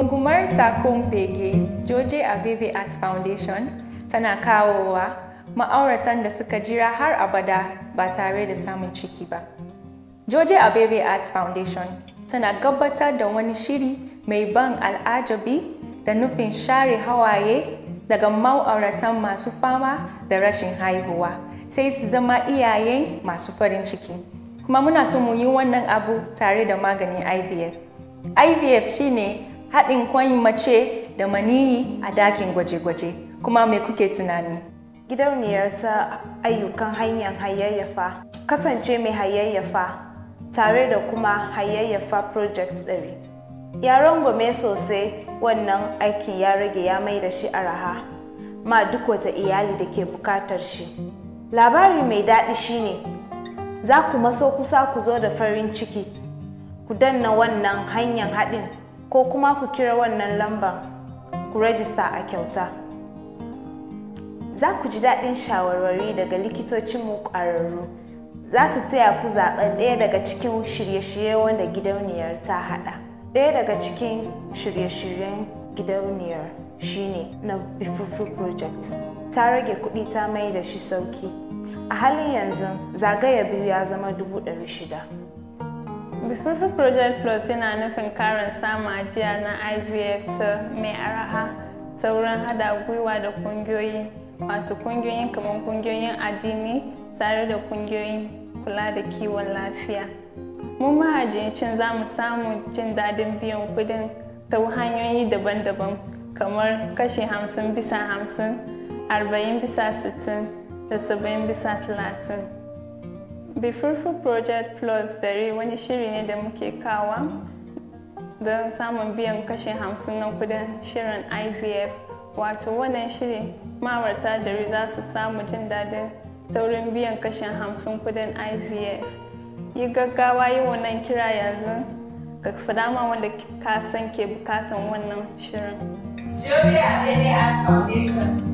Rungumar Sakon Bege, Joje abebe Arts Foundation, tana kawowa ma'auratan da suka jira har abada ba tare da samun ciki ba. Joje abebe Arts Foundation tana gabatar da wani shiri mai ban al'ajabi da nufin share hawaye daga ma'auratan masu fama da rashin haihuwa sai su zama iyaye masu farin ciki. Kuma muna so mu yi wannan abu tare da maganin IVF. IVF shine haɗin kwan mace da maniyi a dakin gwaje-gwaje kuma mai kuke tunani gidauniyar ta ayyukan hanyar hayayyafa kasance mai hayayyafa tare da kuma hayayyafa project ɗari yaron gome sosai wannan aikin ya rage ya mai da shi araha ma duk wata iyali da ke bukatar shi labari mai daɗi shine za ku maso kusa ku zo da farin ciki ku danna wannan hanyar haɗin ko kuma ku kira wannan lambar ku rajista a kyauta za ku ji daɗin shawarwari daga likitocinmu ƙwararru za su taya ku zaɓen ɗaya daga cikin shirye-shirye wanda gidauniyar ta haɗa ɗaya daga cikin shirye-shiryen gidauniyar shine na bifufu project ta rage kuɗi ta mai da shi sauki a halin yanzu zagaya biyu ya zama dubu ɗari shida before project plus yana nufin karin samun ajiya na ivf ta mai araha ta wurin hada gwiwa da kungiyoyi wato kungiyoyin kamar kungiyoyin addini tare da kungiyoyin kula da kiwon lafiya mu mahajincin za mu samu jin daɗin biyan kudin ta hanyoyi daban-daban kamar kashi 50 bisa 50 40 bisa 60 da 70 bisa 30 Be Fruitful Project Plus dari wani shiri ne da muke kawa don samun biyan kashe hamsin na kudin shirin IVF wato wannan shiri ma'aurata da za su samu jin daɗin taurin biyan kashe hamsin kudin IVF. Yi gaggawa yi wannan kira yanzu ga fadama wanda ka san ke bukatan wannan shirin. Julia bene Art Foundation